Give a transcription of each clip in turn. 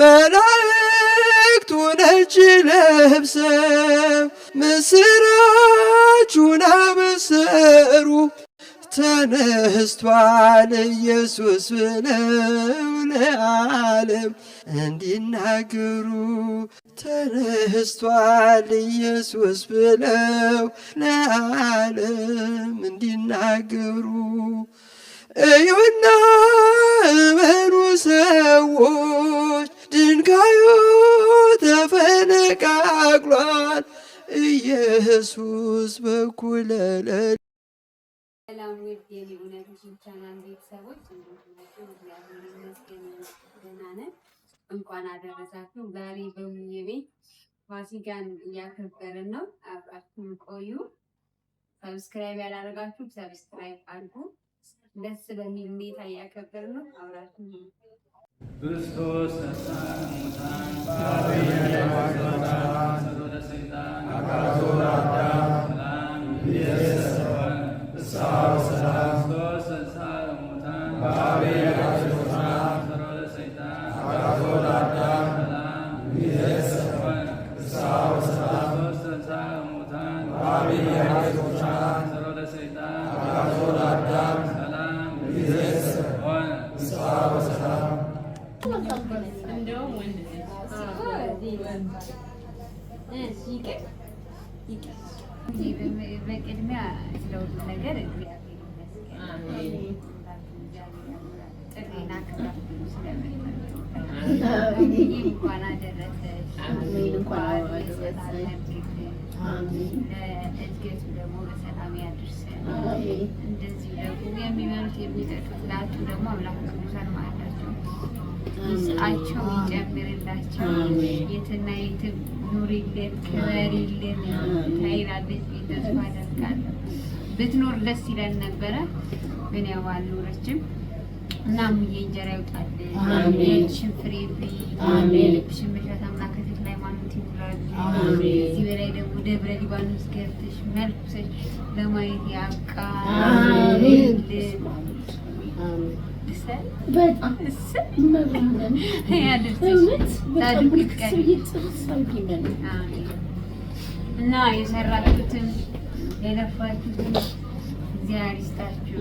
መላእክቱ ነጭ ለብሰው ምስራቹን አበሰሩ፣ ተነስቷል ኢየሱስ ብለው ለዓለም እንዲናገሩ ተነስቷል ኢየሱስ ብለው ለዓለም እንዲናገሩ እዩና እመኑ ሰዎች ድንጋዩ ተፈነቃቅሏል። ኢየሱስ በኩለ ሰላም ውድ የሊኡነት ቻናል ቤተሰቦች ደህና ነን። እንኳን አደረሳችሁ። ዛሬ በሙዬ ቤት ፋሲካን እያከበርን ነው። አብራችሁን ቆዩ። ሰብስክራይብ ያላደረጋችሁ ሰብስክራይብ አድርጉ። ደስ በሚል ሁኔታ እያከበር ነው አብራችሁ ክርስቶስ በቅድሚያ ስለሁሉ ነገር እግዚአብሔር ይመስገን። ጥሬና ክብራት ስለመጣችሁ እንኳን አደረሰሽ፣ እንኳን ለእድገቱ ደግሞ በሰላም ያድርሰን። እንደዚህ ደግሞ የሚበሉት የሚጠጡት ላጡ ደግሞ አምላክ ቅዱሳን ማዕዳቸው ስጣቸው ይጨምርላቸው። የትና የት ኑሪልን፣ ክበሪልን። ታይላለች ተስፋ አደርጋለሁ። ብትኖር ደስ ይለን ነበረ፣ ግን ያው አልኖረችም እና ሙዬ እንጀራ ይውጣልን፣ የልብሽን ፍሬ ብይ፣ መሻት አምላክ ተክለ ሃይማኖት ይሙላል። እዚህ በላይ ደግሞ ደብረ ሊባኖስ ገብተሽ መልኩሰሽ ለማየት ያብቃልን። እና የሰራችሁትን የለፋችሁትን እግዚአብሔር ይስጣችሁ።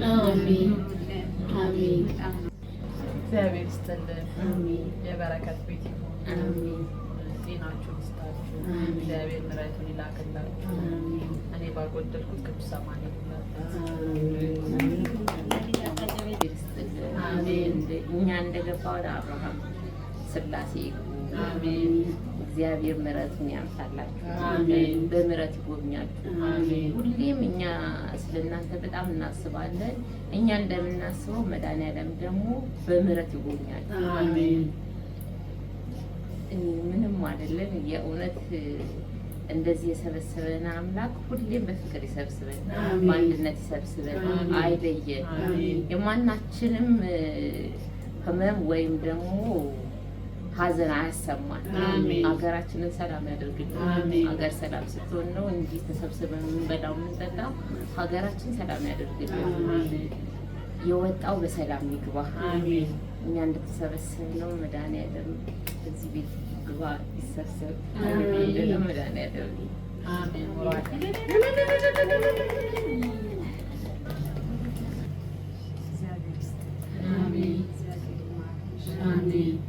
እግዚአብሔር ይስጥልን። የበረከት ቤት ጤናችሁን ይስጣችሁ። እግዚአብሔር ምሕረቱን ይላክላችሁ። እኔ ባጎደልኩት ቅዱስ ሰማን ይላል እኛ እንደገባ ወደ አብርሃም ስላሴ እግዚአብሔር ምሕረቱን ያምሳላችሁ፣ አሜን። በምሕረት ይጎብኛችሁ፣ ሁሌም እኛ ስለእናንተ በጣም እናስባለን። እኛ እንደምናስበው መድኃኒዓለም ደግሞ በምሕረት ይጎብኛችሁ፣ ምንም አይደለም የእውነት እንደዚህ የሰበሰበን አምላክ ሁሌም በፍቅር ይሰብስበን፣ በአንድነት ይሰብስበን፣ አይለየን። የማናችንም ህመም ወይም ደግሞ ሀዘን አያሰማን። ሀገራችንን ሰላም ያደርግልን። ሀገር ሰላም ስትሆን ነው እንጂ ተሰብስበን የምንበላው የምንጠጣው። ሀገራችን ሰላም ያደርግልን። የወጣው በሰላም ይግባ። እኛ እንደተሰበሰብነው መድኃኒዓለም እዚህ ቤት は一冊並んで飲むだね。アーメンは。Amin. Amin.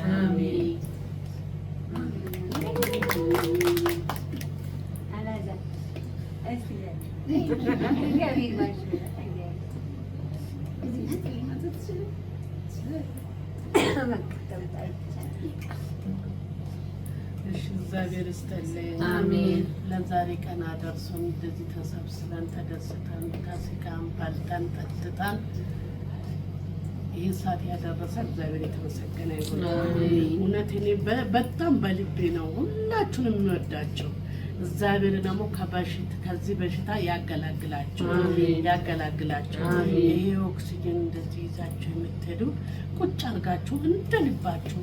Amin. Bak. እግዚአብሔር ይስጥልኝ። አሜን። ለዛሬ ቀን አደርሶን እንደዚህ ተሰብስበን ተደስተን ታስጋን በልተን ጠጥተን ይህ ሰዓት ያደረሰ እግዚአብሔር የተመሰገነ ይሁን። እውነት እኔ በጣም በልቤ ነው ሁላችሁንም የሚወዳቸው እግዚአብሔር ደግሞ ከበሽት ከዚህ በሽታ ያገላግላቸው ያገላግላቸው። ይሄ ኦክሲጅን እንደዚህ ይዛችሁ የምትሄዱ ቁጭ አርጋችሁ እንደልባችሁ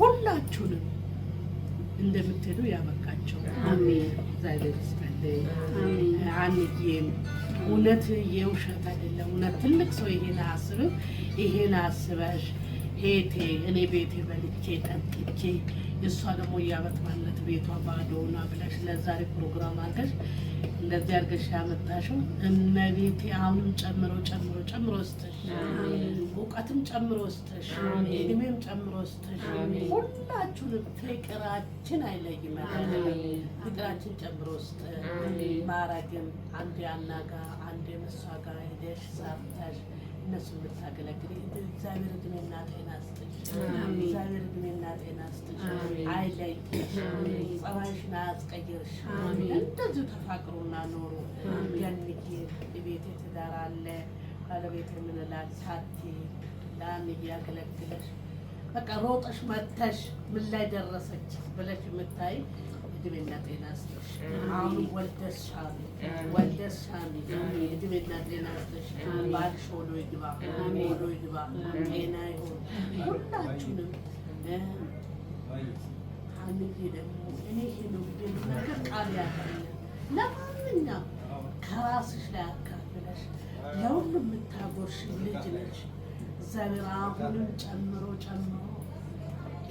ሁላችሁንም እንደምትሄዱ ያበቃቸው። አሜን። እግዚአብሔር ይስጥልኝ። አንዬም እውነት የውሸት አይደለም እውነት ትልቅ ሰው ይሄን አስብ ይሄን አስበሽ ቤቴ እኔ ቤቴ በልቼ ጠጥቼ እሷ ደግሞ እያበት ማለት ቤቷ ባዶና ብለሽ ለዛሬ ፕሮግራም አድርገሽ እንደዚህ አድርገሽ ያመጣሽው እነ አሁንም ጨምሮ ጨምሮ ጨምሮ ስተሽ እውቀትም ጨምሮ ስተሽ እድሜም ጨምሮ ስተሽ ሁላችሁንም ፍቅራችን አይለይም። ፍቅራችን ጨምሮ ስተ ማረግም አንዴ አናጋ አንዴ መሷ ሄደሽ ሰርተሽ እነሱ የምታገለግል እግዚአብሔር እድሜና ጤና ስጥሽ። እግዚአብሔር እድሜና ጤና ስጥሽ። አይለይሽ፣ ጸባይሽን አያስቀይርሽ። እንደዚሁ ተፋቅሩና ኖሩ። ገንጌ ቤት ትዳር አለ ባለቤት የምንላል ሳቲ ላም እያገለግለሽ በቃ ሮጠሽ መተሽ ምን ላይ ደረሰች ብለሽ የምታይ እድሜና ጤና ስጥሽ። አሁን ወልደሽ ሳሚ ወልደሽ እድሜና ጤና ስጥሽ። ባልሽ ሆኖ ይግባ ሆኖ ይግባ ጤና ይሆን ሁላችሁንም። አንዴ ደግሞ እኔ ይሄን ነገር ቃል ያቀርብ ለማንኛውም ከራስሽ ላይ አካፍለሽ ለሁሉም የምታጎርሽ ልጅ ነሽ። እግዚአብሔር አሁንም ጨምሮ ጨምሮ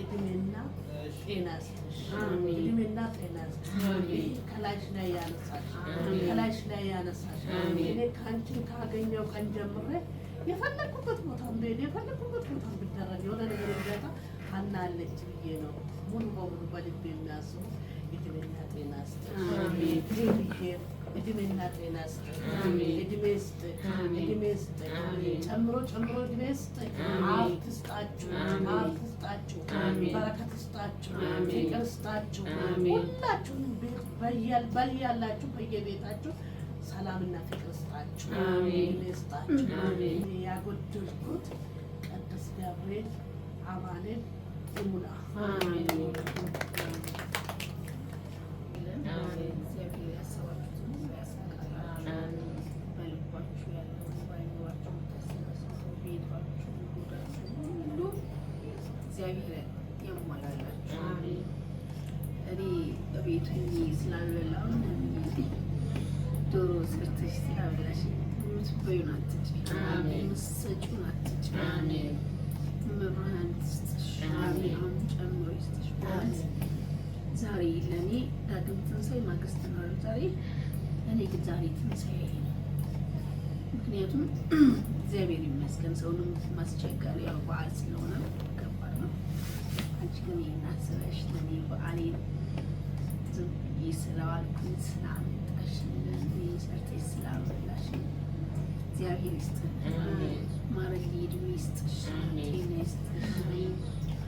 እድሜና ጤና ከላይሽ ላይ ያነሳሽ፣ ከላይሽ ላይ ያነሳሽ። እኔ ከአንቺን ካገኘው ቀን ጀምሬ የፈለግኩበት ቦታ እንደሄደ የፈለግኩበት ቦታ ብደረግ የሆነ ነገር እርዳታ አናለች ብዬ ነው ሙሉ በሙሉ በልቤ የሚያስቡ እድሜና ጤና ይስጥሽ ብዬ እድሜና ጤና ስጥ፣ እድሜ ስጥ፣ እድሜ ስጥ፣ ጨምሮ ጨምሮ እድሜ ስጥ። ሀብት ስጣችሁ፣ ሀብት ስጣችሁ፣ በረከት ስጣችሁ፣ ፍቅር ስጣችሁ። ሁላችሁንም በያላችሁ በየቤታችሁ ሰላምና ፍቅር ስጣችሁ፣ እድሜ ስጣችሁ። ያጎደልኩት ቅዱስ ገብርኤል አማኑኤል ይሙላ። ስለዋልኩኝ ስላመጠሽልን ሰርተሽ ስላበላሽን እግዚአብሔር ይስጥሽ፣ ማረግ ዕድሜ ይስጥሽ፣ ጤና ይስጥሽ፣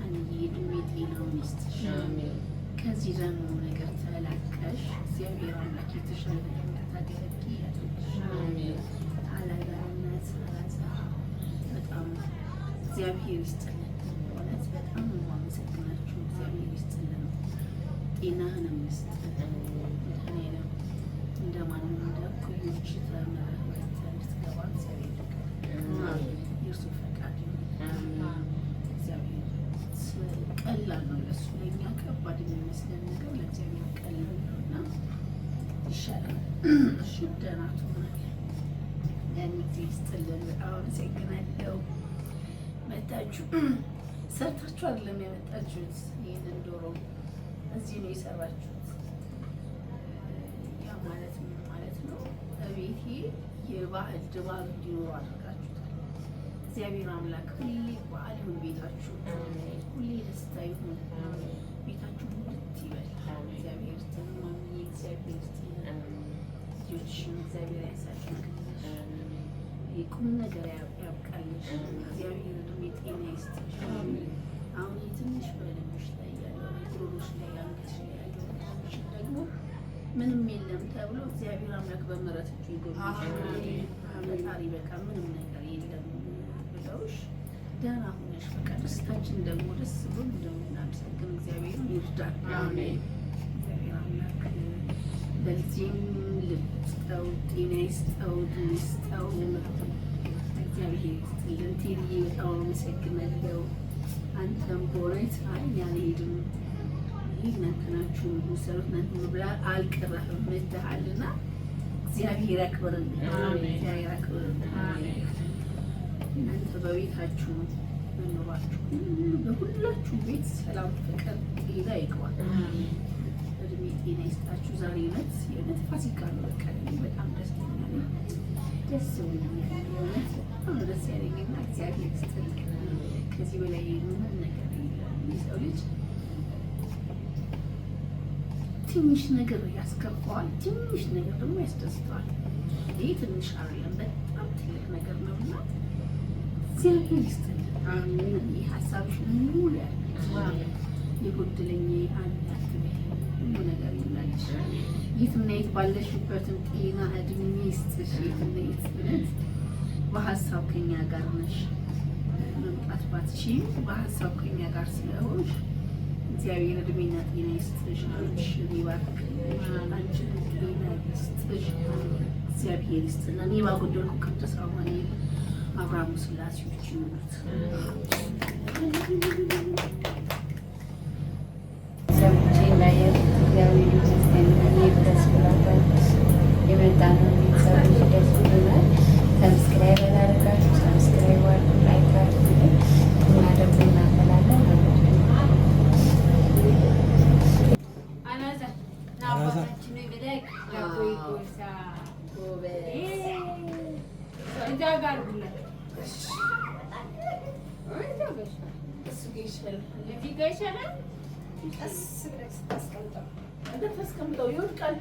አንዬ ዕድሜ ጤናውን ይስጥሽ። ከዚህ ደግሞ ነገር ተላቀሽ እግዚአብሔር አምላክ የተሻለ ታደረጊ ያለሽ አላጋነት አላዛ በጣም እግዚአብሔር ይስጥ የሚመስለን ነገር ለእግዚአብሔር ቀላል ነውና ይሻላል። እሺ ደህና ትሆናለህ። ያን ጊዜ ይስጥልን። በጣም አመሰግናለሁ። መታችሁ ሰርታችሁ አይደለም ያመጣችሁት። ይህንን ዶሮ እዚህ ነው የሰራችሁት። ያ ማለት ምን ማለት ነው? እቤቴ የባህል ድባብ እንዲኖሩ አድርጋችሁታል። እግዚአብሔር አምላክ ሁሌ በዓል ይሁን ቤታችሁ፣ ሁሌ ደስታ ይሁን። እግዚአብሔር ትን ማሚ እግዚአብሔር ትን ልጆችሽን እግዚአብሔር ያሳድግልሽ፣ የቁም ነገር ያብቃልሽ። እግዚአብሔር እድሜ ጤና ይስጥሽ። አሁን የትንሽ በልብሽ ላይ ያለው ጉሮሮሽ ላይ አንገትሽ ላይ ያለው ደግሞ ምንም የለም ተብሎ እግዚአብሔር አምላክ በምሕረት እጁ ይጎብኝሽ። ፈጣሪ በቃ ምንም ነገር የለም ብለውሽ ደህና ሆነሽ በቃ ደስታችን ደግሞ ደስ ብሎ ደግሞ እግዚአብሔር ይርዳል። አሜን። በዚህም ልስጠው፣ ጤና ይስጠው፣ ይስጠው። እግዚአብሔር ይስጥልን። ቴልዬ በጣም አመሰግናለሁ። አንተም በእውነት አይ ያልሄድም ይህ ናንተናችሁ ሰሩት ናንተ ብላ አልቀረህም መትሃልና እግዚአብሔር ያክብርን፣ እግዚአብሔር ያክብርን። እናንተ በቤታችሁ መኖራችሁ በሁላችሁ ቤት ሰላም፣ ፍቅር፣ ጤና ይግባል። እግዚአብሔር ጤና ይስጣችሁ። ዛሬ እውነት የእውነት ፋሲካ ነው። በቃ በጣም ደስተኛ ነኝ። ደስ በጣም ደስ ያለኝና እግዚአብሔር ይስጥል። ከዚህ በላይ ምንም ነገር የለም። የሰው ልጅ ትንሽ ነገር ያስከፋዋል፣ ትንሽ ነገር ደግሞ ያስደስተዋል። ይህ ትንሽ አይደለም፣ በጣም ትልቅ ነገር ነው እና እግዚአብሔር ይስጥል። አሜን። ይህ ሀሳብሽ ሙሉ ያለ የጎደለኝ ያለሽ የትና የት ጤና እድሜ ይስጥሽ። የትና ብለት በሀሳብ ከኛ ጋር ነሽ። መምጣት ባትችይም በሀሳብ ከኛ ጋር ስለሆንሽ እግዚአብሔር እድሜና ጤና ይስጥሽ። አንቺን ይባርክልሽ። አንቺን ጤና ይስጥሽ። እግዚአብሔር ይስጥና እኔ ባጎደልኩ ቅዱስ አቡነ አብርሃሙ ስላሴዎች ይኑሩት። ሰምቼ ላየ እግዚአብሔር እየመጣ ነው። ደስ ብሎናል። ሰብስክራይብ አላደርጋችሁ ሰብስክራይብ አድርጉ፣ ላይክ አድርጉ። እና ደግሞ እናፈላለን። እሱ ጋ ይሻላል። እዚህ ጋ ይሻላል። ቀስ ብለህ ስታስቀምጠው ተስቀምጠው ይወድቃል።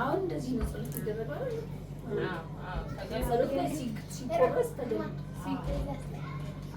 አሁን እንደዚህ ነው ጸሎት ይደረጋል። ጸሎት ላይ ሲቆረስ ተደ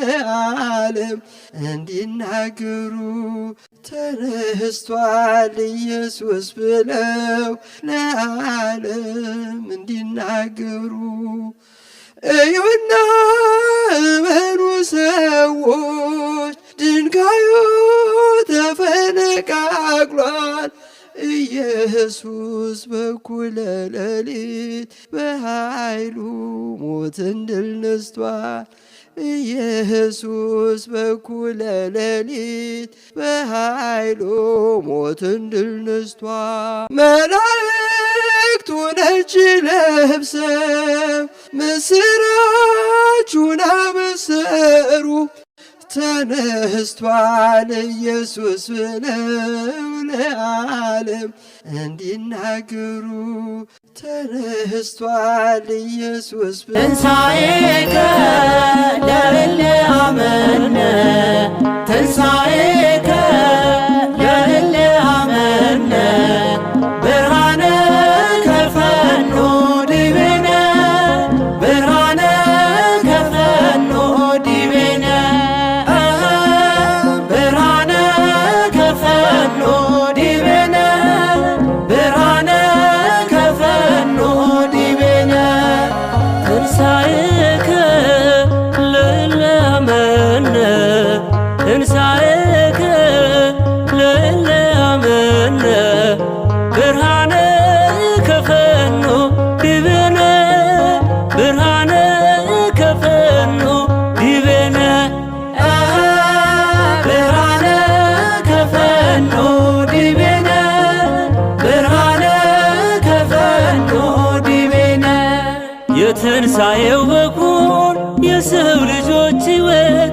ለዓለም እንዲናገሩ ተነስቷል ኢየሱስ ብለው ለዓለም እንዲናገሩ እዩና እመኑ ሰዎች፣ ድንጋዩ ተፈነቃቅሏል። ኢየሱስ በኩለ ሌሊት በኃይሉ ሞትን ድል ነስቷል። ኢየሱስ በኩለ ሌሊት በኃይሉ ሞትን ድል ነስቷል። መላእክቱ ነጭ ለብሰው ምስራቹን አበሰሩ። ተነስቷል ኢየሱስ ብለው ለዓለም እንዲናገሩ ተነስቷል ኢየሱስ ትንሣኤከ ለዓለም በትንሣኤው በኩል የሰው ልጆች ሕይወት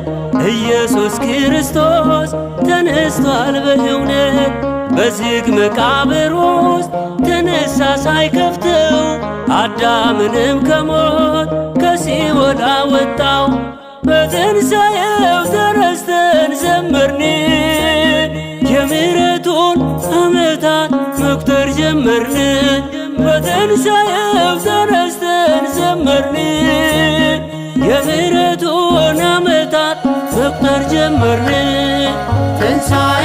ኢየሱስ ክርስቶስ ተነስቷል በእውነት። በዝግ መቃብር ውስጥ ተነሳ ሳይከፍተው አዳምንም ከሞት ከሲኦል አወጣው። በትንሣኤው ተረስተን ዘመርን የምሕረቱን ዓመታት መቁጠር ጀመርን። በትንሣኤው ተረስ ዘመርን የምህረቱን ዓመታት መቁጠር ጀመርን ትንሣኤ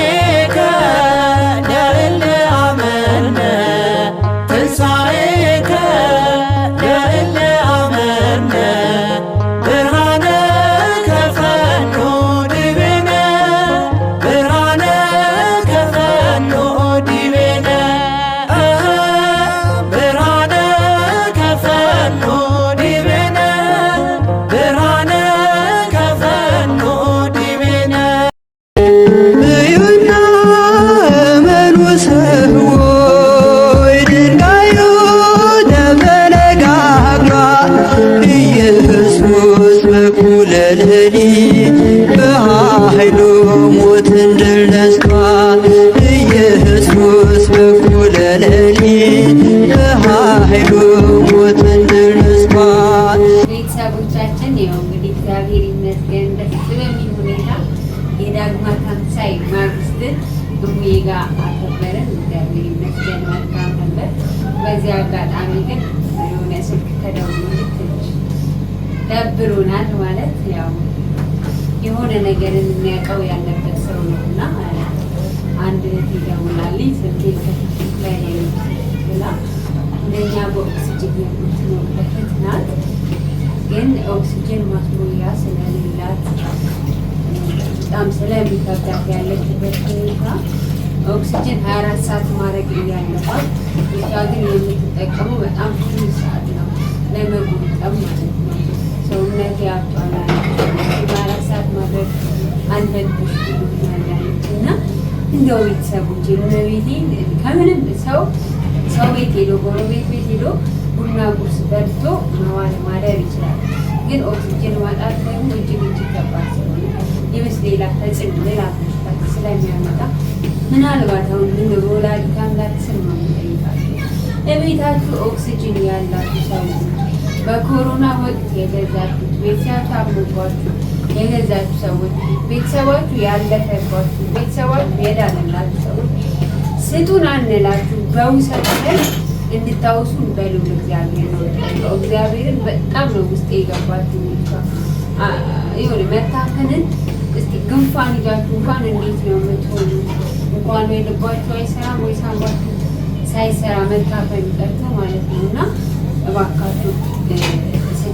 ነገርን የሚያውቀው ያለበት ሰው ነው እና አንድ እህት ደውላልኝ ስልኬ ከፊት ላይ ብላ እንደኛ በኦክስ ኦክስጅን የምትኖርበት ናት፣ ግን ኦክስጅን ማስሞያ ስለሌላት በጣም ስለሚከብዳት ያለችበት ሁኔታ ኦክስጅን ሀያ አራት ሰዓት ማድረግ እያለባት እሷ ግን የምትጠቀመው በጣም ብዙ ሰዓት ነው ለመጎጠም ማለት ነው። ሰውነት ያብጧል ጥረት ማድረግ አለብሽ ያለች እና እንደው ቤተሰቦች ቤቴ ከምንም ሰው ሰው ቤት ሄዶ ጎረቤት ቤት ሄዶ ቡና ቁርስ በልቶ መዋል ማደር ይችላል። ግን ኦክስጅን ማጣት ደግሞ እጅግ እጅግ ከባድ ስለሆነ ይብስ ሌላ ተጽዕኖ ሌላ ተሽታት ስለሚያመጣ ምናልባት አሁን ምን ሮላድ ካምላት ስር ነው የሚጠይቃቸው ለቤታችሁ ኦክስጅን ያላችሁ ሰው በኮሮና ወቅት የገዛችሁት ቤት ሲያታምባችሁ የገዛችሁ ሰዎች ቤተሰባችሁ ያለፈባችሁ ቤተሰባችሁ የዳነላችሁ ሰዎች ስጡን አንላችሁ በውሰት ላይ እንድታውሱ በሉን። እግዚአብሔር ነው ጠይቀው። እግዚአብሔርን በጣም ነው ውስጥ የገባችሁ የሆነ መታፈንን እስኪ ግንፋን ይዛችሁ እንኳን እንዴት ነው የምትሆኑ? እንኳን ወይ ልባችሁ አይሰራም ወይ ሳንባችሁ ሳይሰራ መታፈን ቀርቶ ማለት ነው እና እባካችሁ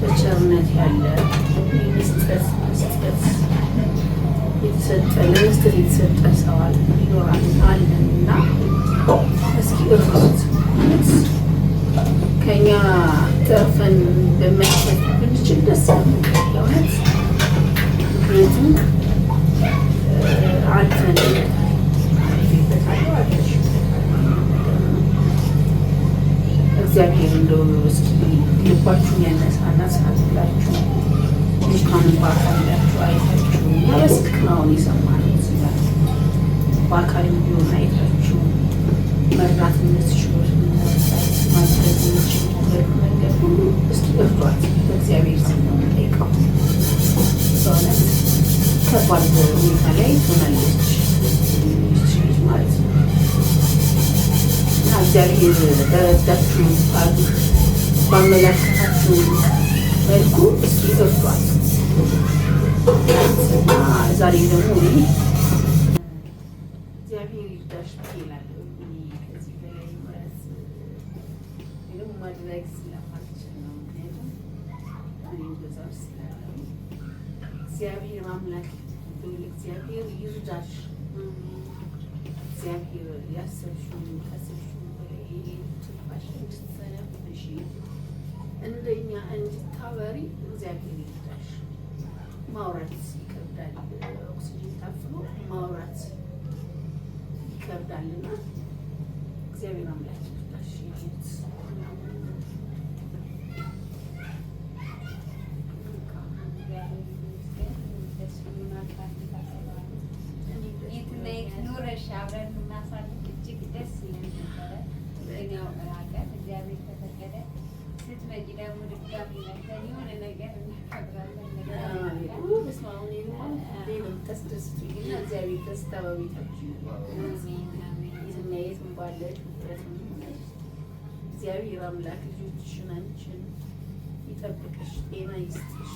በቸርነት ያለ መስጠት የተሰጠ ለመስጠት የተሰጠ ሰው ይኖራል አለን እና እስኪ እርሱት ከኛ ተርፈን በመስጠት ብንችል ደስ ያለ ምክንያቱም የሚያነጻና ሳትላችሁ እንኳን በአካላችሁ አይታችሁ ምስክናውን የሰማነው ስላት በአካል ቢሆን አይታችሁ መርዳት የምትችሉት ማድረግ የምትችሉት ነገር ሁሉ እስኪ እርዷት። በእግዚአብሔር ስም ነው የምጠይቀው። በእውነት ከባድ ሁኔታ ላይ ሆናለች ማለት ነው እና እግዚአብሔር በረዳችሁ አሉ ባመላከታችሁ መልኩ እሱ ገብቷል። ዛሬ ደግሞ እግዚአብሔር ይርዳሽ ይላል። ከዚህ በላይ ማለት ማድረግ ስለማልችል ነው። ምክንያቱም እግዚአብሔር አምላክ እግዚአብሔር ይርዳሽ እንድታወሪ እግዚአብሔር ይርዳሽ። ማውራት ይከብዳል፣ ኦክሲጅን ታፍኖ ማውራት ይከብዳልና እግዚአብሔር አምላክ ቤትስ ተበቤቶች ዝናየት እንባለች ውጥረት እግዚአብሔር አምላክ ልጆችሽን አንቺን ይጠብቅሽ፣ ጤና ይስጥሽ።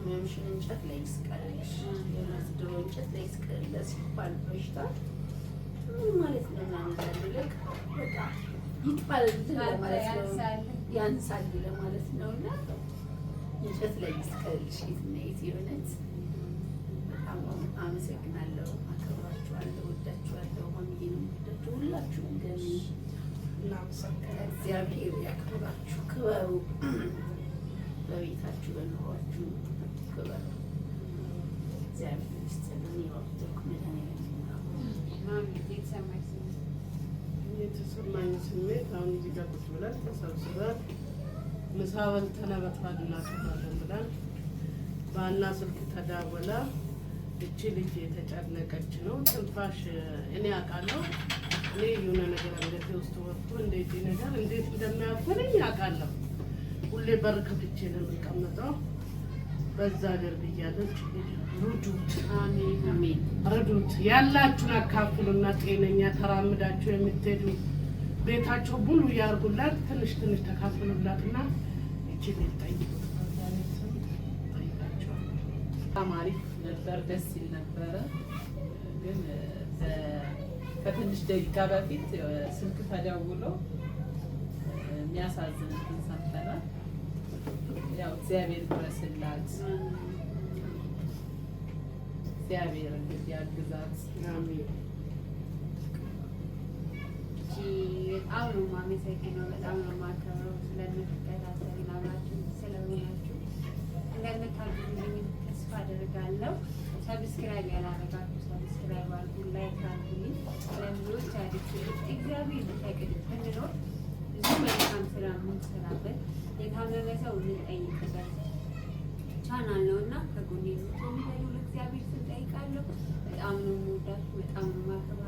ህመምሽን እንጨት ላይ ይስቀልሽ፣ የማስድሮ እንጨት ላይ ይስቀል ሲባል በሽታ ምን ማለት ነው? ምናምታልቅ በቃ ይጥፋል ለማለት ነው፣ ያንሳል ለማለት ነው። እና እንጨት ላይ ይስቀልሽ የትናየት የሆነት በጣም ነው አመሰግናለሁ። አከብራችኋለሁ፣ ወዳችኋለሁ። ማሚዬን ወዳችሁ ሁላችሁም ገሚ እግዚአብሔር ያክብራችሁ። ክበሩ፣ በቤታችሁ በኑሯችሁ ክበሩ። እግዚአብሔር ውስጥ የተሰማኝ ስሜት አሁን እዚህ ጋር ቁጭ ብለን ተሰብስበን ምሳ በልተን በልተናል ብለን ባና ስልክ ተዳወላ። እቺ ልጅ የተጨነቀች ነው። ትንፋሽ እኔ አውቃለሁ። እኔ የሆነ ነገር አንገቴ ውስጥ ወጥቶ እንዴት ነገር እንዴት እንደሚያፈነኝ አውቃለሁ። ሁሌ በር ከፍቼ ነው የምቀመጠው። በዛ ገር ብያለች። ሩዱት፣ አሜን፣ ርዱት። ያላችሁን አካፍሉና ጤነኛ ተራምዳችሁ የምትሄዱ ቤታቸው ሙሉ ያርጉላት። ትንሽ ትንሽ ተካፍሉላትና እቺ ልጅ ጠይቁ። ደስ ሲል ነበረ። ግን ከትንሽ ደቂቃ በፊት ስልክ ተደውሎ የሚያሳዝን እንትን ሰምተናል። ያው እግዚአብሔር ድረስላት፣ እግዚአብሔር እንግዲህ ያግዛት። በጣም ነው የማመሰግነው። በጣም ነው የማከብረው ስለምትከታተሉ አብራችሁ ስለሆናችሁ እንደምታግዙኝ አደርጋለሁ። ሰብስክራይብ ያላረጋችሁ ሰብስክራይብ አርጉ፣ ላይክ አድርጉ። ለብዙዎች አዲስ እግዚአብሔር ይፈቅድ ብንኖር ብዙ መልካም ስራ የምንሰራበት የታመመ ሰው የምንጠይቅበት ቻናል ነው እና ከጎኔ የምትሆኑ እግዚአብሔር ስንጠይቃለሁ። በጣም ነው የምወዳችሁ፣ በጣም ነው የማከብራችሁ።